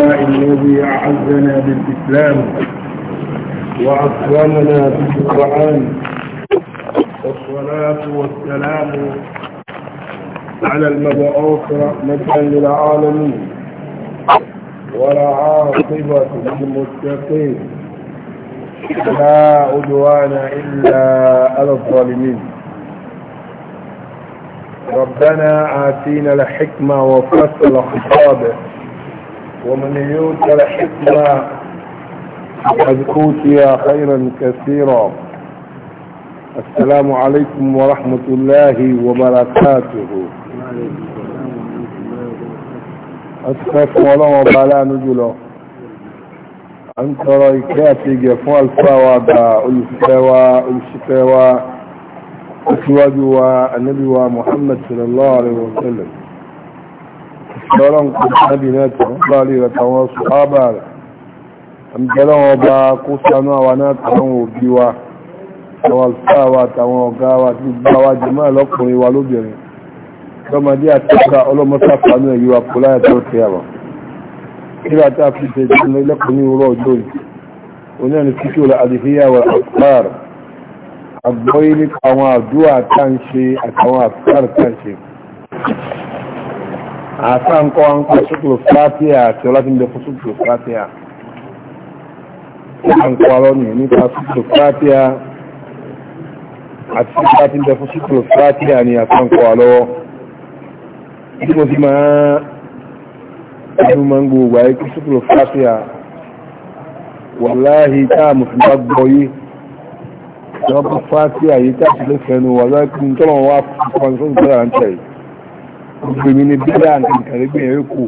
الذي أعزنا بالإسلام وأكرمنا بالقرآن والصلاة والسلام على المبعوث رحمة للعالمين ولا عاقبة للمتقين لا عدوان إلا على الظالمين ربنا آتينا الحكمة وفصل خطابه ومن يؤت الحكمة فقد أوتي خيرا كثيرا السلام عليكم ورحمة الله وبركاته أسفكم الله وبلا نجله أن ترى كاتي جفوا الفاوى دا ألسوا ألسوا أسواجوا النبي محمد صلى الله عليه وسلم lọ́rọ̀n kùnàbì náà tàwọn fúlàlì rẹ̀ tàwọn sùhábà rẹ̀ àmìjẹ́lọ́ wọn bá kó sánú àwa náà tàwọn òbí wa tàwọn alfáàwà tàwọn ọ̀gá wa ti gbá wa jẹ́mọ́ lọ́kùnrin wa lóbìnrin lọ́mọdé àtẹ́kà ọlọ́mọsáfàánú ẹ̀yí wa kò láyà tó tẹ́ àwà kíra tá a fi ṣe ìṣẹ́nu ilẹ́kùnrin rọ̀ ọjọ́ yìí onírin kíkí òlà àdìhíyà nípa àwọn àdúrà tá ṣe àtàwọn àkpár tá ṣe àṣà ń kọ́ ń kọ́ ṣúkúrò fàtíà àti ọlábíndẹ̀ fún ṣúkúrò fàtíà ṣúkúrò ń kọ́ lọ́nà nípa ṣúkúrò fàtíà àti ọlábíndẹ̀ fún ṣúkúrò fàtíà ni àṣà ń kọ́ lọ́wọ́ bí mo fi máa ẹnu máa ń gbogbo àyè kí ṣúkúrò fàtíà wàláhì táàmù fi bá gbọ́ yìí lọ́pọ̀ fàtíà yìí táàmù fi lè fẹ́nu wà lọ́pọ̀ gbèmí ni bí dáa nǹkan kàrí gbé ẹ̀rẹ́ kò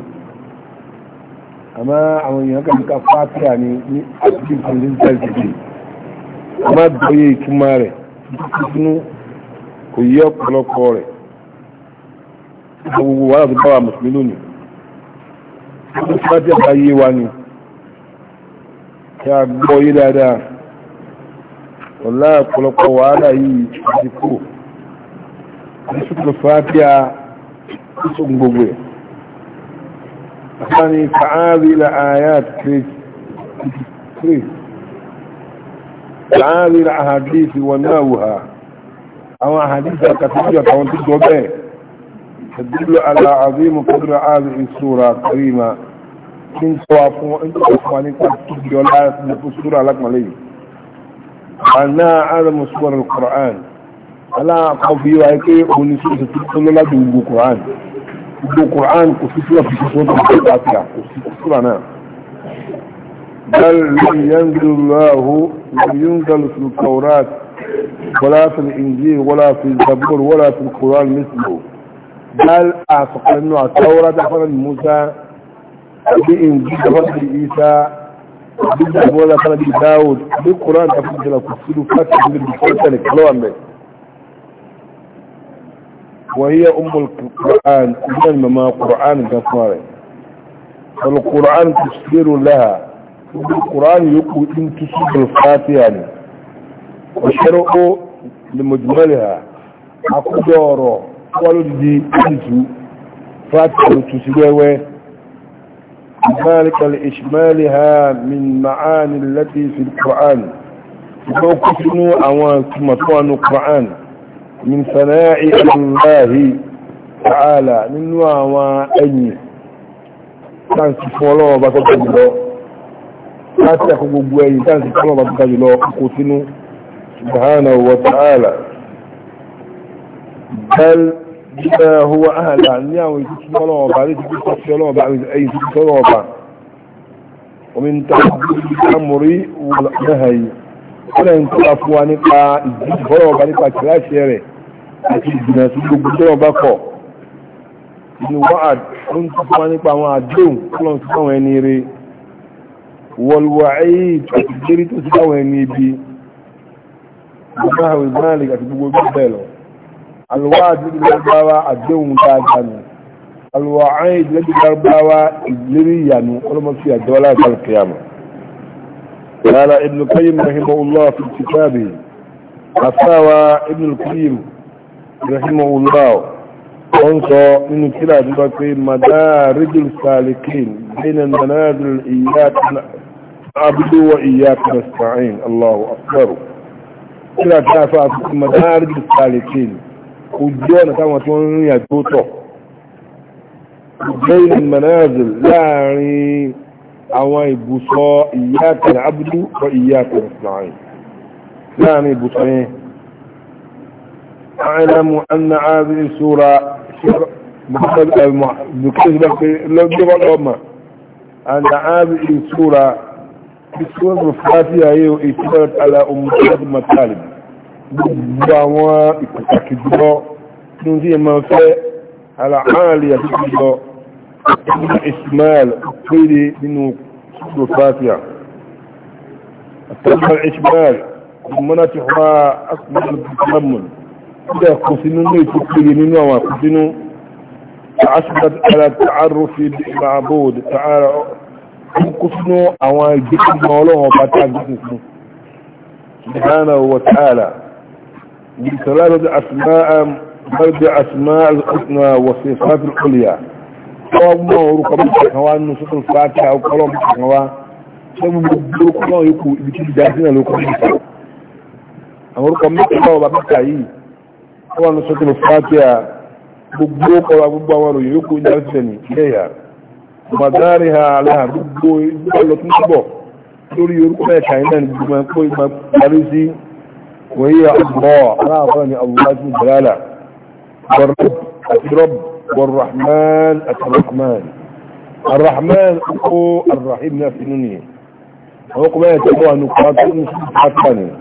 àmá àwọn èèyàn kan ká fátíà ní ní àti continental degree àmá dọ́yé ìtumá rẹ̀ títúnú kò yí ọ̀pọ̀lọpọ̀ rẹ̀ gbogbo wàhálà tó bá wà mùsùlùmí lónìí tó fátíà bá yé wa ni kí a gbọ́ yé dáadáa ọ̀la ọ̀pọ̀lọpọ̀ wàhálà yìí ti kú àti sùkùn fátíà ìṣògùn gbogbo ẹ̀ àtàní tààrí ilẹ̀ ayat 3 tààrí ilẹ̀ ahadisi wọn náà wùhá àwọn ahadisi àkàtúnjọ àtàwọn tó jọ bẹ́ẹ̀ تدل على عظيم قدر هذه السورة الكريمة إن صوافوا إن صوافوا أن تدل على السورة لكم عليه أنها عالم سور القرآن aláàkọ́ fi wáyé pé òun ni sóòtù tó lọ́lá ju gbogbo Quran gbogbo Quran kò sí sílẹ̀ fi sọ́tò tó bá ti rà kò sí sílẹ̀ náà bẹ́ẹ̀ lórí yẹn gbé lọ́wọ́ lórí yóò ń gbẹ́lù sí Taurat wọ́lá sí Injil wọ́lá sí Zabur wọ́lá sí Quran mislo bẹ́ẹ̀ àsọ̀kọ́ nínú àtọ́wọ́lá dáfọ́nà ní Musa àbí Injil dáfọ́nà ní وهي أم القرآن كلنا ما قرآن كفارة فالقرآن تفسير لها القرآن يقول إن تسيب الفاتحة يعني. لمجملها أقداره والدي أنتو فاتحة تسيبه ذلك لإشمالها من معاني التي في القرآن فوقفنوا أوان ثم القرآن من ثناء الله تعالى من وعوى أي تانسي فولو بطلق جلو تانسي أخو بوي تانسي فولو بطلق جلو قوتنو سبحانه وتعالى بل بما هو أهل عن ياوي تسمولو بعد تسمولو بعد أي تسمولو بعد ومن تحديد الأمر والنهي ولا ينتقف ونقع الجيد فولو بعد تسمولو àti ìgbìyànjú sí gbogbo tó wọn bá kọ̀ inú wọ́n ń tún fún wa nípa àwọn àdéhùn tó lọ́n sí àwọn ẹni rẹ̀ wọlúwà ayé àti ìgbérí tó sí àwọn ẹni ibi gbogbo àwọn ìgbàlè àti gbogbo bí bẹ́ẹ̀ lọ àlùwà àti ìgbàlè àdéhùn dáadáa nù àlùwà ayé ìgbàlè ìlérí ìyànú ọlọ́mọfì àjọwálá ìfàlùkìyàmù قال ابن القيم رحمه الله في كتابه أفتاوى ابن القيم rahimahullah wọ́n sọ nínú kíra nípa pé madarijul salikin bainan manazil iyakun abdu wa iyakun nasta'in allahu akbar kíra ta fa àfikún madarijul salikin ojú ọ̀nà táwọn tí wọ́n rìn àjò tọ̀ bainan manazil láàrin àwọn ibùsọ̀ iyakun abdu iyakun nasta'in láàrin ibùsọ̀ yẹn أعلم أن هذه السورة محمد بكذبة لو جبع الأمة أن هذه السورة السورة الفاتحة هي اتبعت على أمهات المطالب بالدعوة التأكيدة تنزي ما فيه على عالية الدعوة إسمال قيل منه سورة الفاتحة التبع الإشمال ومنتحها أكبر التمن إذا قسنوا ليتوا قيلين وقسنوا تعشبت على التعرف المعبود تعالى قسنوا أو جسم مولوه فتعجسنوا سبحانه وتعالى بثلاثة أسماء برد أسماء الحسنى والصفات العليا ọmọ orúkọ mọ́ta kan wá nínú sọ́tọ̀ fàákà ọkọ̀lọ́ mọ́ta kan wá sọ́mọ́ orúkọ náà yóò kú ibi tí ìjà sínà ló kọ́ mọ́ta àwọn orúkọ mọ́ta náà wà mọ́ta yìí wọn sọ́kùn fàtíà gbogbo kọwa gbogbo àwọn òròyìn yóò kó jáde sẹ́ni lẹ́yà bàtàrí ha aláà gbogbo ìgbàlọ́ tó ń bọ̀ lórí orúkọ ẹ̀ka iná ní gbogbo ẹ̀kọ́ ìgbà parí sí wọ́n yíya ọgbọ́ aláàfáà ní abúlájú jalala warab àti rab warrahman àti rahman arrahman kó arrahim náà fi nínú yẹn àwọn kọwa ẹ̀ka wà ní kọ́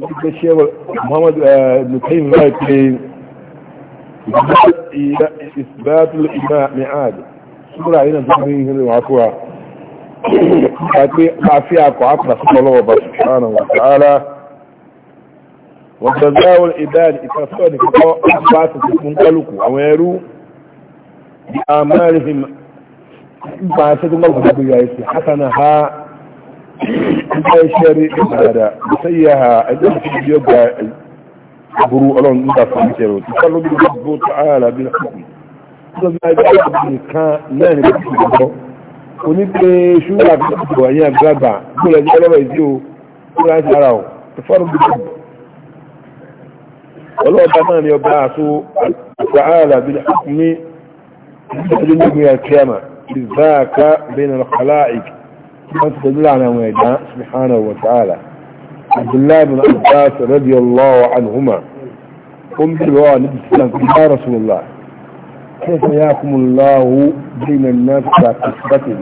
nígbà ṣẹ́wọ̀ Muhammad nùkẹ́yìn láì pé ìsìbátul ìmá ní ààdì súnmọ́ra yìí na zama yin hirin wakuwa a pé mafi akọ̀ akọ̀ sí ọlọ́wọ̀ ba subhanahu wa ta'ala wanda zawon idan ikasọ́ ni kọ́ bá su fún kálukú àwọn ẹrú di amarihim ba sai kuma gudu ya yi hasana ha nígbà iṣẹ́ rí ìgbàdà ìṣẹ́yàá ẹgbẹ́ ìṣẹ́yàá yóò gba burú ọlọ́run nígbà fún ìṣẹ́ rẹ̀ tí sálọ́ bí gbogbo tó ààrà bí lọ́kùnrin tó fi ẹgbẹ́ ìṣẹ́yàá nìkan náà ní bí ìgbàgbọ́ oní pé ṣúgbà bí ìgbàgbọ́ ẹ̀yìn àgbàgbà gbọ́dọ̀ ẹgbẹ́ ọlọ́rọ̀ ìdí o tó rà bí gbogbo ọlọ́ọ̀bá náà ni تدل على ويدان سبحانه وتعالى عبد الله بن عباس رضي الله عنهما قم بالواء نبي السلام يا رسول الله كيف ياكم الله بين الناس على كسبته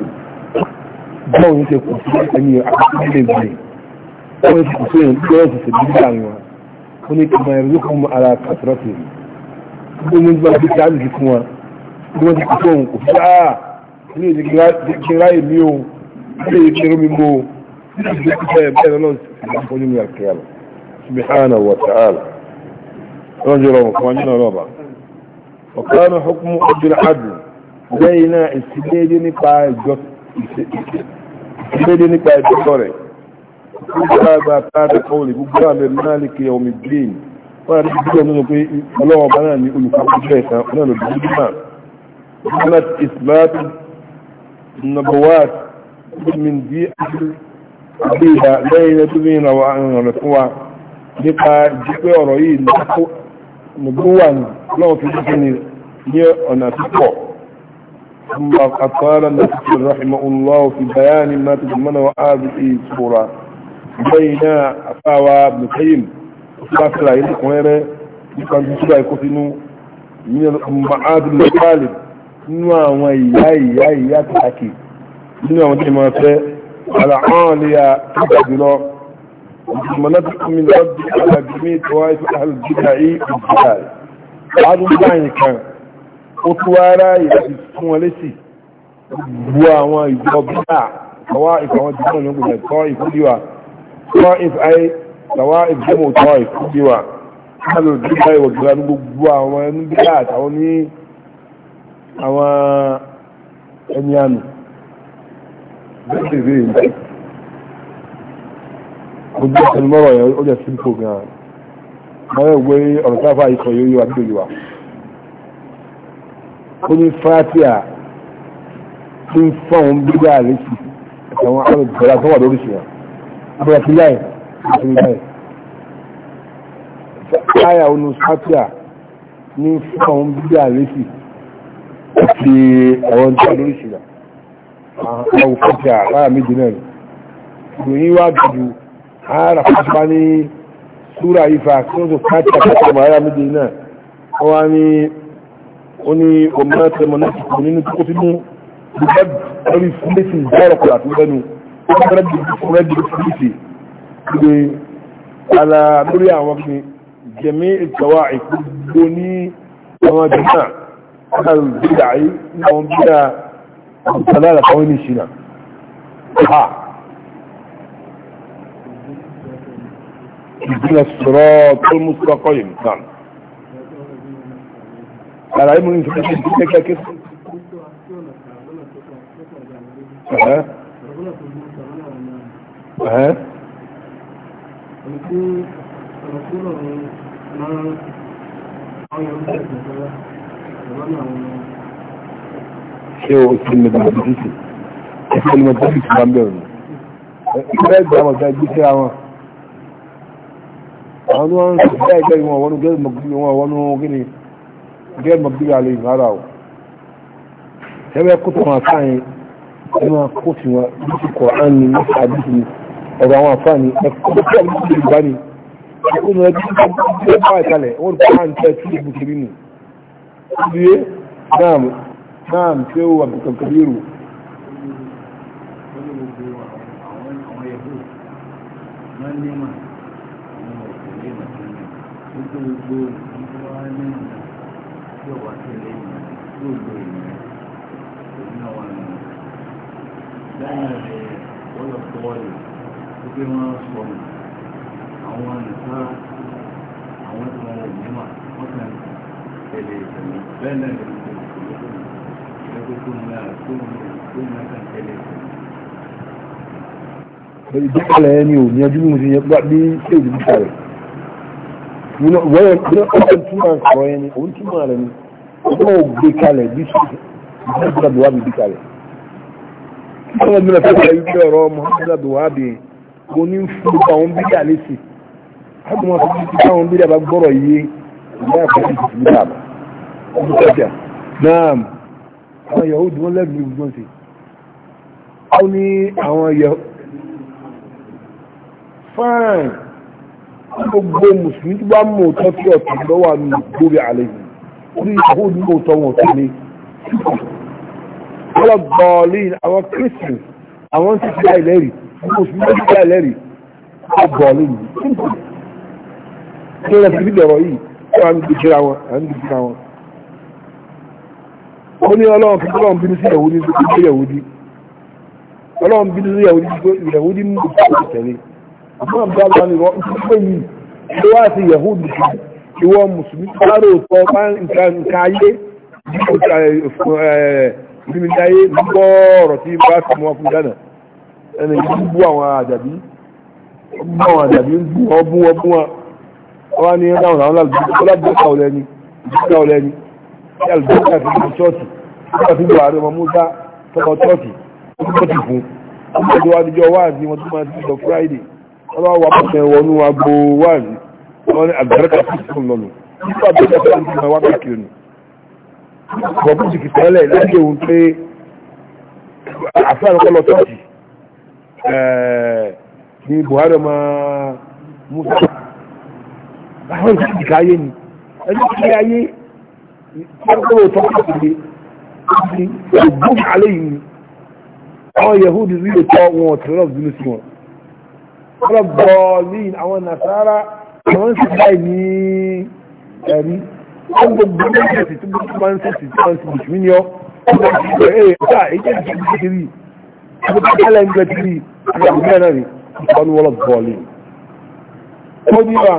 جو يتي كسبتني أكسبتني بني ويتي كسبتني جوزة الدنيا ونك ما يرزقهم على كسرته ومن ذلك بتعلم كما ويتي كسبتني كسبتني كسبتني كسبتني كسبتني ilé ìṣẹ́rọ mímú ìṣẹ́ ìṣẹ́ ìbẹ̀rẹ̀ náà ti fún yín àkíyàmù subhana wa ta'ala rọ́jọ́ rọrùn fún ọjọ́ náà rọ̀bà ọ̀kan hukumu ọjọ́ àdùn lẹ́yìn náà ìsìlédé nípa ìjọ ìsìlédé nípa ìjọ rẹ̀ gbogbo àgbà tààdà من دي أبيها ليلة من روان رفوة nípa jípé ọ̀rọ̀ yìí nùgbówà náà fi jípé ní ní ọ̀nà púpọ̀ amma akọ́rọ̀ na fi rahimu allah fi bayani ma ta zumana wa arziki tsora bai na afawa mutayin ba su rayu da kwanere dukkan su sura ikú sínú ní ma'adun da kalib nínú àwọn ìyá ìyá ìyá ta nínú àwọn tí máa fẹ́ àlàáhàlìyà tó ga jùlọ ìgbìmọ̀lẹ́bí omi lọ́bí àgbàgbìmí tó wáyé fún àlùjíjà yìí ìjìyà adùn báyìí kan ó tó wá ráyè láti fún wọn lésì bu àwọn ìjọ bíà tọwá ìfàwọn jùlọ ní gbogbo ẹ̀tọ́ ìfúdíwà tọwá ìfàyè tọwá ìfúdíwà tọwá ìfúdíwà alùjíjà ìwọ̀gbìlá ní gbogbo àwọn ẹni bíà àtàwọn ní àwọn ẹni àmì bẹ́ẹ̀ bẹ́ẹ̀ yìí gbogbo ìsẹnumọ́rọ̀ yẹn ó jẹ́ simple gan-an wọ́n wé ọ̀rọ̀ sáfà ikọ̀ yóò yíwa gbé yíwa ó ní fatia tí ń fọ́n bídá àlésì àwọn alùpùpù tó wà lórí ṣìyàn abúlé ti láì àwọn òkúta lára méjì náà ni ìròyìn wá dùdù ara fàfà ní súra ifá tí wọ́n tó káàkiri àkọ́kọ́ ọmọ ara méjì náà wọ́n ní ó ní ọmọ tẹmọ̀ náà ti kò nínú tó ti mú gbígbá lórí fúnlẹ́sì ìdáyẹ̀rọ̀ kọ̀lá tó lẹ́nu ó fẹ́rẹ́ bí fúnlẹ́sì fúnlẹ́sì gbé ala lórí àwọn kí jẹ̀mí ìtawà ìkúgbó ní àwọn jẹ̀mí náà الضلالة قوين شينا ها اهدنا الصراط المستقيم نعم العلم ان تكون كيف ها ها Thank you. ṣé o ti lè bẹ̀rẹ̀ bí sísè ṣé o lè bẹ̀rẹ̀ bí sísè bẹ̀rẹ̀ nù. ìgbẹ́ ìgbà wọn gbẹ́ gbèsè àwọn àwọn tó ń sọ bẹ́ẹ̀ gbẹ́ wọn wọnú gẹ́gẹ́ mọ̀gbìlì wọn wọnú gíní gẹ́gẹ́ mọ̀gbìlì alẹ́ ìgbàrà o. ẹgbẹ́ kótó wọn àfáàyàn ẹ máa kó sí wọn bí ti kọ̀ án ni ní àdìsí ọ̀rọ̀ àwọn àfáàní ẹ̀kọ́ tó kọ́ ní Yorùbá ni ẹ̀kọ́ ní ẹbí tó bá ìkàlẹ̀ wọ́n kọ́ án tẹ́ tí ìbùkún nù. ìdíyé náà náà tí ó wà bùkàkàbírù Àwọn nìkan àwọn tí wọ́n wọ̀ nímà, wọ́n kàn tẹ̀lé ìtẹ̀lé, bẹ́ẹ̀ náà lè fi ìdíkàlẹ̀ ẹni ò ní ẹjú mímú ti yẹ gbá bí ṣe ìdíkà rẹ̀ wọ́n ọ̀pọ̀ túnmọ̀ ọ̀rọ̀ ẹni òun túnmọ̀ rẹ̀ ni ọgbọ́n ògbé kalẹ̀ bí ṣe ìdíkà bí wà bí ìdíkà rẹ̀ ọmọ mi lọ́pẹ́ pẹ̀lú pé ọ̀rọ̀ Muhammadu Buhari mo ní fún àwọn bídà lẹ́sì ọdún wọn àwọn yahood wọ́n lẹ́rù ní gbogbo ṣe ó ní àwọn yahood fine gbogbo mùsùlùmí tó bá mú ọ̀tọ́ tí ọ̀tọ̀ lọ́wọ́ àmì lórí àlẹ́ yìí ó ní yahood ní ọ̀tọ̀ wọn tó ní wọ́n lọ bọ̀ọ̀lì àwọn christian àwọn ti fi àìlẹ́rì mùsùlùmí ti fi àìlẹ́rì ó bọ̀ọ̀lì yìí simple kí wọ́n fi dọ̀rọ̀ yìí wọ́n á ń gbèjìra wọn à wọn ó ní ọlọ́run kí ọlọ́run bínú sí yahudi tó kí yahudi ọlọ́run bínú sí yahudi tó yahudi mú kí tẹ̀lé àmọ́ àbúrò àbúrò ni wọ́n ti pè yìí ló wá sí yahudi kí ìwọ mùsùlùmí káró sọ bá nǹkan ayé ìdími dáyé gbọ́ ọ̀rọ̀ tí bá sì mú ọkùnrin dáná ẹni yìí bú àwọn àjàbí bú àwọn àjàbí ń bú wọn bú wọn wọn ni ẹ dáhùn àwọn alábùdó ọlábùdó kàwọlẹ́ni ìdíkàwọlẹ́ni ẹlùdókà ti di chọ́ọ̀tì nígbà tí buhari ọmọ musa tọkọ chọ́ọ̀tì chọ́ọ̀tì fún ọmọdé wa níjọ wáàzí wọn tó máa ti sọ friday wọn bá wà pàṣẹ wọnú agbo wáàzí wọn ní àgbẹ̀rẹ̀kà sí fún lọ́nu nígbà tó jẹ́ fún ìgbìmọ̀ wá káàkiri nù bọ̀bú ti kì tẹ́lẹ̀ láti ohun pé àfẹ́ àlọ́kọ́ lọ chọ́ọ̀tì ní buhari ọmọ musa báwọn ìdíkà ayé ni ẹni tí ayé gbọ́dọ̀ tó kọ́ ìdílé ìdílé ìgbóhùn alẹ́ yìí ni àwọn yahudi rí lè tọ́ wọn ọ̀tún lọ́wọ́ bínú sí wọn. wọ́n bọ̀ ní àwọn nasara àwọn sì láì ní ẹ̀rí wọ́n gbogbo ẹgbẹ́ sì tí gbogbo máa ń sèṣì tí wọ́n sì bùsùn ní ọ́ wọ́n bọ̀ sí ẹ̀ ẹ̀ ká èyí ti di kiri wọ́n bá kálẹ̀ ń gbẹ kiri àwọn ọmọ náà rí ìfọ́nù wọ́n bọ̀ ní. wọ́n ní wa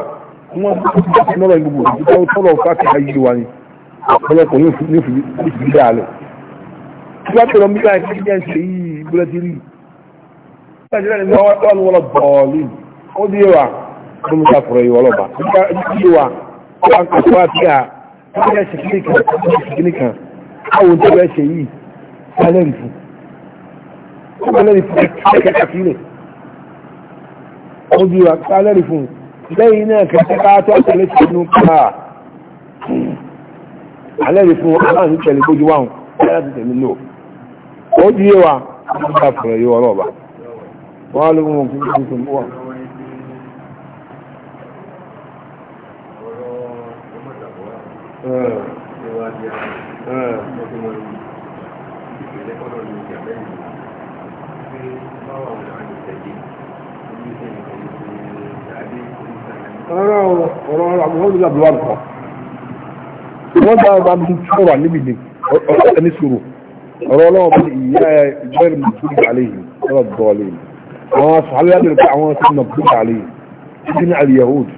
wọ́n bọ̀ sí ọ̀rọ̀ ọ̀pọ̀lọpọ̀ yóò fi gbígbà lọ. Tí wọ́n tọrọ mí láì fi jẹ́ ṣe yìí búrẹ́ ti rí. Nàìjíríà ni wọ́n ń wọ́lọ̀ bọ̀ọ̀lì. Ó dé wa kí mo sàfọ̀rọ̀ fún. lẹ́yìn náà kẹ́kẹ́ ká tó àtẹ̀lẹ́sẹ̀ káà alẹ́rìí fún aláàánú tẹ̀lé bójú wà hùn ẹ̀rọ ti tẹ̀lé lò ó di yé wa wọ́n bá fọ̀rọ̀ yé wọn lọ́ba wọ́n á lóko wọn kí wọ́n tó mú wa. ọ̀rọ̀ ọ̀rọ̀ àbúrò ló ń lọ bí wà lọ́kọ̀ọ́ wọ́n gba ọba mi sọ̀rọ̀ níbi ni ọ̀sẹ̀ ní sùúrù ọ̀rọ̀ ọlọ́wọ́ bí ìyá ìjọ́rì mùsùlùmí àlẹ́ yìí ọ̀rọ̀ bọ́ọ̀lẹ́ yìí àwọn sàlẹ́ àbẹ̀rẹ̀ pé àwọn sọ̀rọ̀ mùsùlùmí àlẹ́ yìí títí ní àlìyahud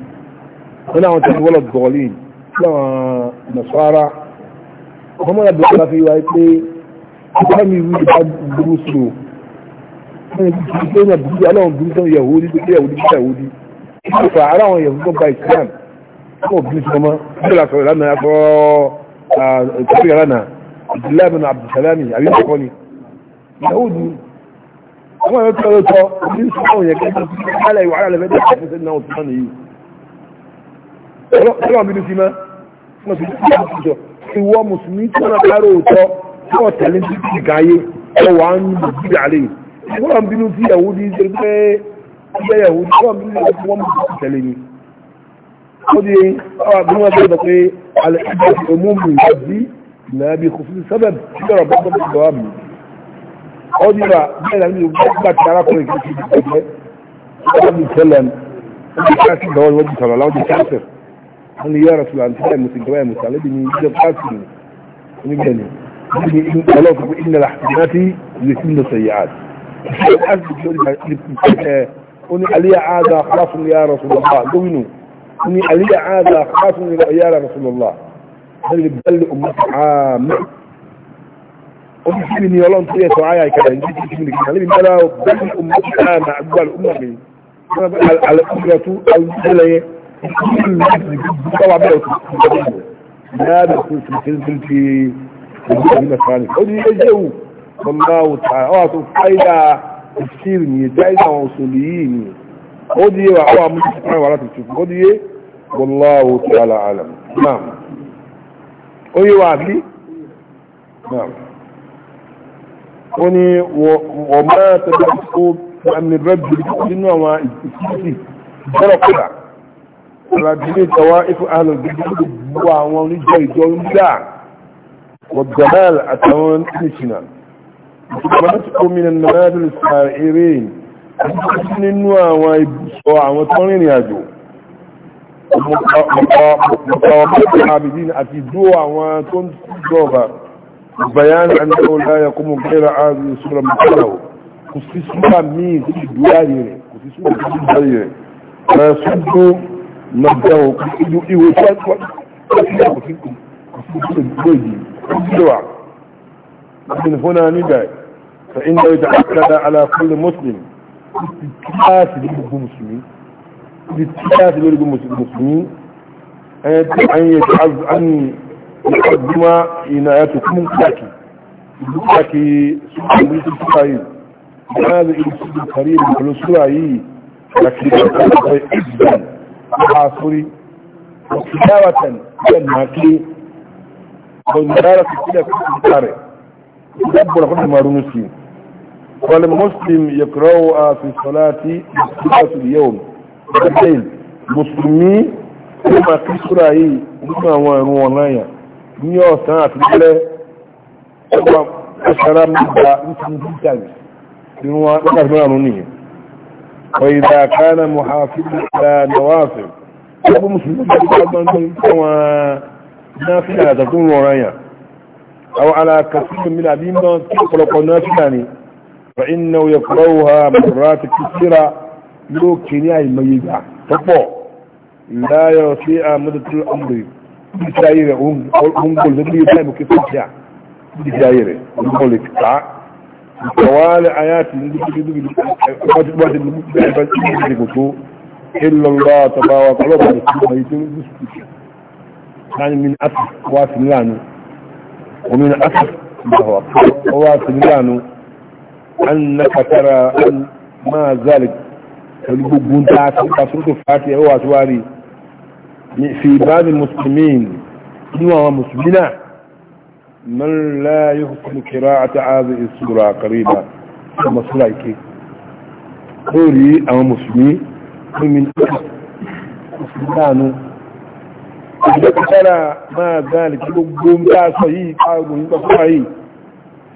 wọn àwọn tẹ̀sí wọ́lọ̀ bọ́ọ̀lẹ́ yìí tí àwọn nasara wọ́n mọ̀ lábẹ́ ọ̀la fi wá pé ọ̀sán mi wí kó bí sọmọ bí la sọ̀rọ̀ lánàá sọ ìtàkùn lánàá Abdullahi bin Abdulsalami àbí ìtàkùn ni ìyàwó ni àwọn ẹ̀rọ tó lọ tọ́ ní sọ́wọ́n yẹn kẹ́kẹ́ kálẹ̀ ìwà alẹ́ fẹ́ẹ́ tẹ̀sí fún náà tó nìyí ọlọ́run bínú sí máa wọ́n ti kí wọ́n ti jọ ìwọ mùsùlùmí tí wọ́n kárò òótọ́ tí wọ́n tẹ̀lé sí ti gáyé ọwọ́ à خذي بما ذلك على حد عموم جدي لا بخصوص سبب ترى بعض الدوام خذي لا بين ان بعد تعرف كيف النبي سلم كان هو الوجه صلى الله عليه وسلم قال لي يا رسول الله انت متجوع متعلمني جد قاسي نجني إن قالوا إن الحسنات يتم السيئات أسجد يقول لي علي عادة خلاص يا رسول الله دوينه إني علي عادة خاف من العيال رسول الله بل بل أمتي عامة أمي سيبني يولون طريقة وعايا كده نجيتي سيبني كده لمن بلا بل أمتي عامة أقوى الأمة مني أنا بقى على أمرة الجلية طبعا بقى ما بكون في الفيلم في الجنة الثانية قولي يجيو والله تعالى أعطوا فايدة تفسيرني دائما وصوليين قولي وعوا مجتمع ولا تفسيرني قولي والله تعالى أعلم نعم ويوعدي نعم وني وما تدعسوا أن الرب بكل نوع إسكيسي جرى قدع على جميع توائف أهل الجديد وعوان الجاي جون داع والضلال أتوان إنشنا وتبعتكم من النماذج السائرين أنتم نوع وعوان وعوان يا جو مقاومة العابدين أتدوا وانتون دوغا بيان أنه لا يقوم غير عابد سورة مقاله كسيسوا مين دواري كسيسوا دواري فيصدوا مبدأه كسيسوا إيوشات من هنا ندعي فإنه يتأكد على كل مسلم كتاس لبه مسلمين الاتحاد بين المسلمين أن يتعز أن يقدم إناياتكم كاكي كاكي سبحان الله هذا الإنسان الكريم من سرعي لكي إجدا وحاصري وكتابة جنهاكي والمدارة كده في الكتارة يدبر كل ما رنسي والمسلم يقرأ في الصلاة في اليوم ìgbẹ́lẹ̀ mùsùlùmí tó máa kí súra yìí nínú àwọn ẹ̀rùn ọ̀nàyà ní ọ̀sán àti lẹ́ ọgbà aṣara mẹ́ta nítorí títàgì nínú wákàtí márùn nìyẹn ọ̀yìnbá kánà mọ̀háfíì ìlà nàwáfẹ́ ọgbà mùsùlùmí tó máa gbọ́n tó àwọn náfíà ni fa inna yakrawha marrat yóò kí ní àìmọye gbà pọ́pọ̀ láyọ̀ sí àmọ́tòtò ọmọdé títí ayé rẹ̀ òun gbọ́n lórí ilé ìmọ̀ kí fún ìjà títí ayé rẹ̀ òun gbọ́n lè ta ìtọ̀wálẹ̀ ayáàtì ní dúkìdúkìdú ọjọ́gbọ́n ti mú bẹ́ẹ̀ tí ó ti kò tó ìlọ́lọ́ àtọ̀báwà ọlọ́pàá ti mọ̀ èyí tó ń gbé sùkúrù láni mi ní àtì wá sí nílànà omi ní àtì ìgbàwà wá sí nílànà an na katara an máa zalik pẹ̀lú من لا يحسن قراءة هذه السورة قريبا كما سلايك قولي أو مسلمي من مسلمان ترى ما ذلك لقوم لا صحيح قالوا يبقى صحيح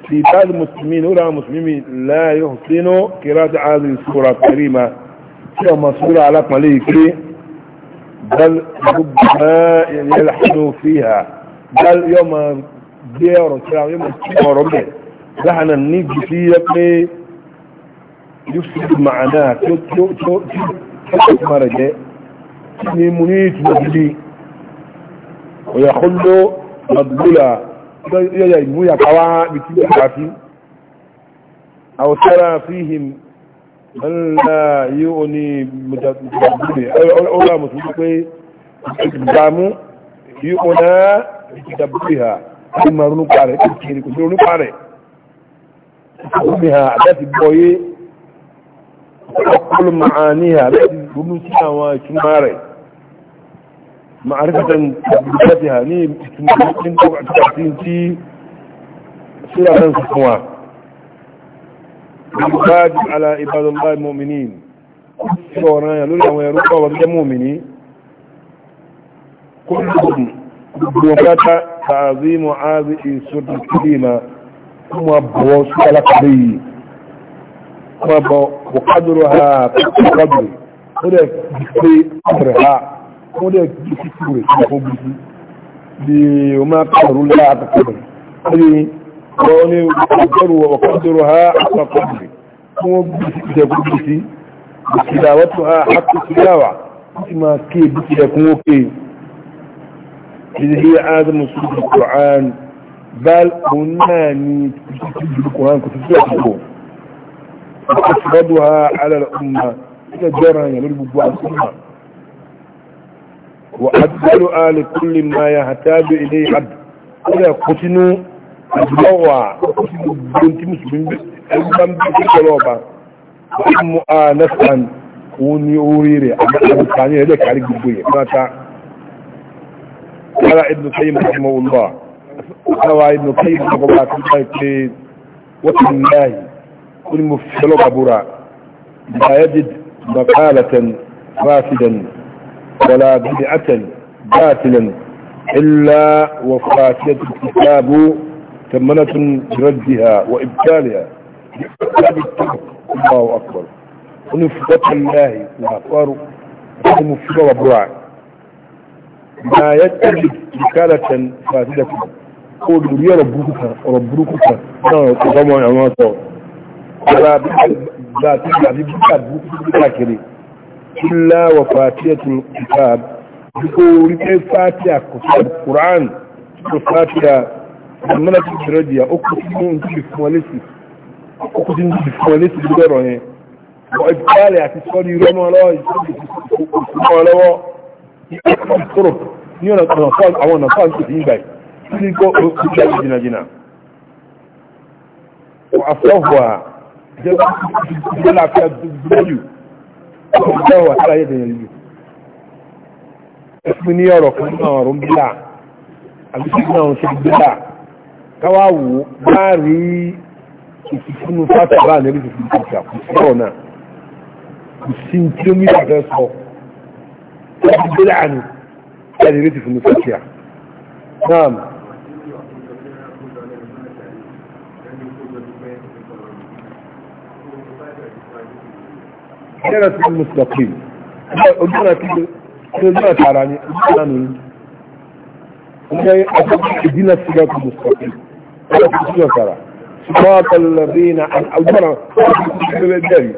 في بعض المسلمين ولا مسلمين لا يحسن قراءة هذه السورة قريبا tí ọmọ súra alápọ̀lẹ́ ìpé yẹ́lẹ̀hánú fi hà dal yọ ma gbé ọ̀rọ̀ tí àwọn yọmọ tí ọ̀rọ̀ mẹ́ láhànà ní jù sí yẹ pé yusuf ma'ana tí ó tí ó tí ó tí ó ńlá yìí ó ní mùtàbílì ọlá mùsùlùmí pé ìgbàmú yìí ó náà mùtàbílì ha ní ma ronú pa rẹ̀ kìkìrì kò sí ronú pa rẹ̀ mùtàbílì ha àbẹ́sì bọ́yé ọkùnrin màání ha àbẹ́sì ronú sí àwọn ìtumá rẹ̀ ma'arifatan tabbatiha ni ìtumá rẹ̀ tí ó àti tí síra náà fún wa ìbájú ala ìbádọ́lá mọ́mìnì ìgbà ọ̀rọ̀ yà lórí àwọn ẹ̀rọ pọ̀wọ̀ jẹ́ mọ́mìnì kúrùn gbogbo pátá tààzí mọ́ áàzí ìṣòdì sílé ma kúmọ bọ̀ sí alákàrí yìí kúmọ bọ̀ bọ̀kádùrù ha kọ́kọ́dùrù ó dẹ̀ قولي وقدر وقدرها حتى قدري وبسي بتلاوتها حتى التلاوة ما كي بتلاكم كي إذا هي آدم سورة القرآن بل أناني تجد القرآن كتبتكم وأفردها على الأمة إذا تجرها يلبوا الأمة آل كل ما يحتاج إليه عبد إذا قتنوا àdúgbọ́wà ọkùnrin tí mùsùlùmí ẹgbẹ́ bá ń bí ìṣẹ́kọ̀ọ́ ọba wọ́n mú a nẹ́sàn òun ní orí rẹ̀ àbúkàní rẹ̀ lẹ́kàrí gbogbo yẹ̀ pátá ara ibn kayyim rahimu allah asawa ibn kayyim rahimu allah kan bá pé wọ́n ti láyé ó ní mo fi ọlọ́ bàbúrà bàyẹ́dì bàkálàtàn fásidan wàlá bìdì àtàn bàtìlan illa wa fàtiyatu kitabu مثمنة بردها وإبتالها بإبتال الطرق الله أكبر ونفتة الله الأخبار المفيدة وبرع ما يتجد وكالة فاسدة قول يا ربك ربك أنا أتضمع يا ماطر ولا ذات الكتاب ذاكري إلا وفاتية الكتاب بقول فاتحة القرآن الفاتحة àmọ́lá ti bẹ̀rẹ̀ di ó kú sí ní ìdílé fún wọn létí ó kú sí ní ìdílé fún wọn létí lórí ọ̀rọ̀ yẹn wọ́n ti báàlẹ̀ àti sọ́ọ́lì rọ́mọ lọ́wọ́ ìṣòro lọ́wọ́ ìṣòro ní ọ̀nà àwọn ọ̀nà fáwọn ìṣòro yìí báyìí sí ní kó o ti jáde jìnnàjìnnà. àfọwọ́ à jẹ́ ìṣòro láàfíà gbẹ́jù ọ̀gá wà sára yẹ̀ dẹ̀yẹ̀ lù. ẹ̀fún ní ọ̀rọ̀ kan náà ọ̀rọ̀ ń bí káwáwò bá rí ìfìfúnnu fátàlá ànẹ́bí ti fi ìjà kò sí ọ̀nà kò sí tí ó ní ìfẹ́ sọ ó ti gbé láàánú ẹ̀rẹ́ ti fúnnu fátàlá náà Yẹ́rẹ́ tí mo sọ pé ojú ọ̀nà tí ojú ọ̀nà tààrà ni ojú ọ̀nà nìyí. Ojú ọ̀nà ìdínà sílẹ̀ kò mọ̀ sọ pé ọkùnrin sára ṣùgbọ́n lọ́bìnà àgbọ̀nà ọkùnrin bẹ̀rẹ̀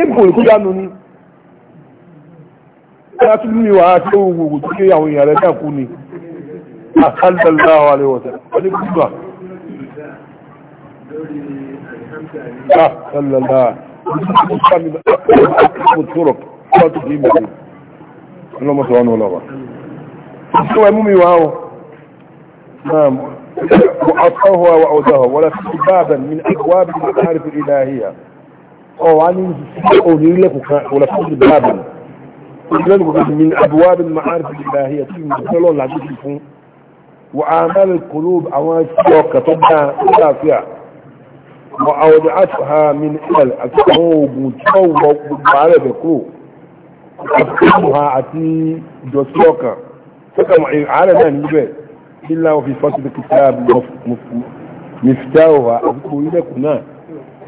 ipò ìkúdánù ni láti ní wà á tí ó gbogbo tí àwọn èèyàn rẹ̀ dákú ni àkàndàláwà rẹ̀ wọ̀tẹ̀ ọdí gbogbo àkàndàláwà ọdí gbogbo نعم وأطفاها وأوداها ولا بابا من أبواب المعارف الإلهية أو عن أولي لك ولا بابا من أبواب المعارف الإلهية تقولون العزيز يكون وأعمال القلوب أوان شوكة تبدا دافعة وأودعتها من إلى الأسعوب وتشوق ومعارف القلوب أفكارها عتي جوسوكا فكما إعانة نبات إلا وفي فصل الكتاب أو أقول لك هنا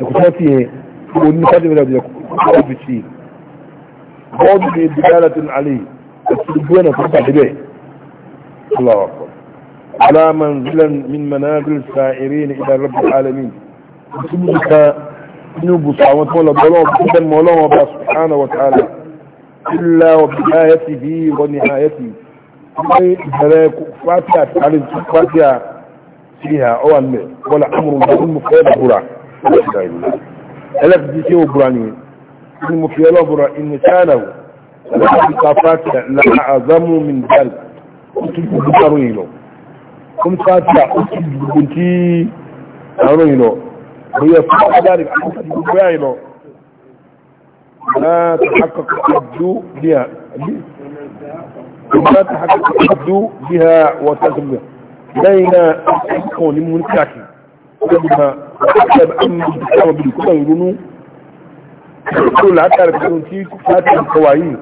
يكون فيه يقول نقدم له يكون في شيء قول بدلالة عليه السلبوين فرقع به الله أكبر على منزلا من منازل السائرين إلى رب العالمين بسببك نبو صعوة ولا ضلوب جدا مولانا سبحانه وتعالى إلا وبدايته ونهايته akwai bẹ̀rẹ̀ fatiha tare da fatiha fiha o wa mẹ wala amuru da mu fẹ́ da bura ẹlẹ́fì tí ó bura ni in mu fi yẹlọ bura in nìkánà láti ka fatiha la azamu min dal o tún gbogbo karo yìí lọ kun fatiha o tún gbogbo tí karo yìí lọ o yẹ fún adarí a tún gbogbo yìí lọ na ta haka ka ju biya ما تحدث بها وتزم بين كون منكك ثم تكتب أم بكتاب بالكتاب يقولون كل عكار بدون تيك فاتح القوائين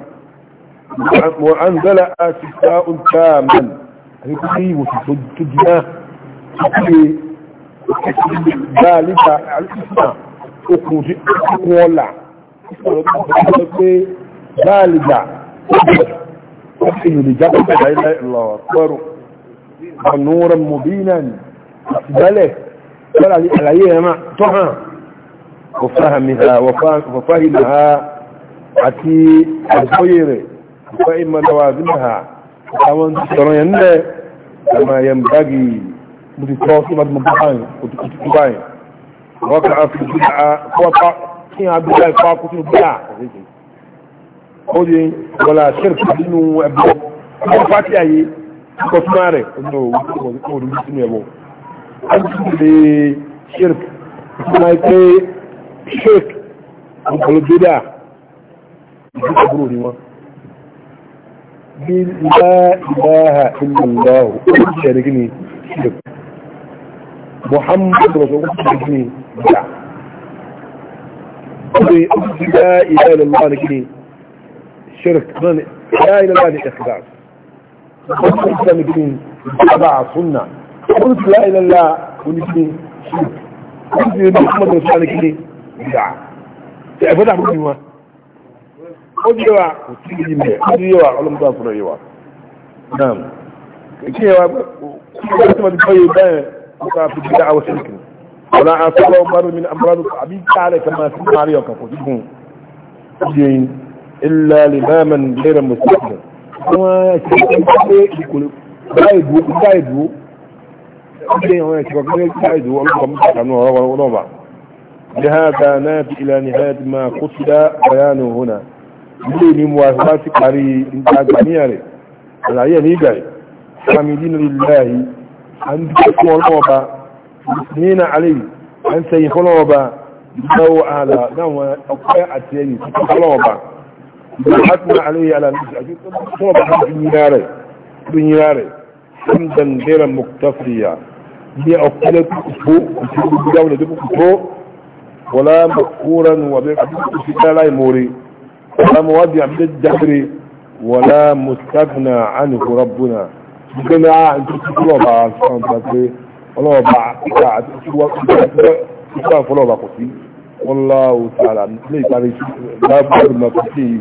وأنزل أسفاء كاما يقيم في الجنة ذلك الإسماء أقوى لع ذلك يستحيل لجبل لا اله الا اكبر ونورا مبينا اقبله قال عليه ما طعا وفهمها وفهمها عتي الخير فإما لوازمها وان ترين كما ينبغي متواصل بعد مبحان وتكتبين وقع في البدعة وقع في عبد الله فاقت البدعة ó di wọ́lá ṣẹ́rìkì nínú ẹbọ wọ́n pàtí ayé ọkọ̀ tó máa rẹ̀ ọdún òòrùn sínú ẹbọ agbègbè ṣẹ́rìkì máa pé ṣẹ́rìkì ọkọ̀lọ́ gbéra ìdíkà búrò ní wọn bí ilá ìlàhà ìlúláhù ó ti ṣẹ̀rẹ̀ gíní ṣẹ́rìkì muhammadu rasul ó ti ṣẹ̀rẹ̀ الشرك من لا إلى الله الإخبار قلت الإسلام يقولين تبع سنة قلت لا إلى الله ونجدين شرك قلت يا محمد رسول الله كده بدعة تعبد أحمد يوا قلت يوا وتيجي مني قلت يوا علم تصنع يوا نعم كيف يوا قلت ما تبقي بين في البدعة والشرك ولا أصابه مرض من أمراض العبيد تعالى كما في المعرية وكفوتهم illa limaman a mustaqbil kuma cikin kace ya bai bu bai ba لهذا نادي إلى نهاية ما قصد بيانه هنا لي موافقات قري انت جميعري على يعني جاي حامدين لله عند قلوبا مسلمين عليه أقوى أتيني حتما عليه على المسجد صوب حمد نياري نياري حمدا غير مكتفيا هي أفضلة أسبوع دولة أسبوع ولا مذكورا وبالأسبوع لا ولا مواد عبد الجبري ولا مستغنى عنه ربنا بنا انت تقولوا بقى سبحان الله والله بقى والله تعالى ليس عليه لا بد ما فيه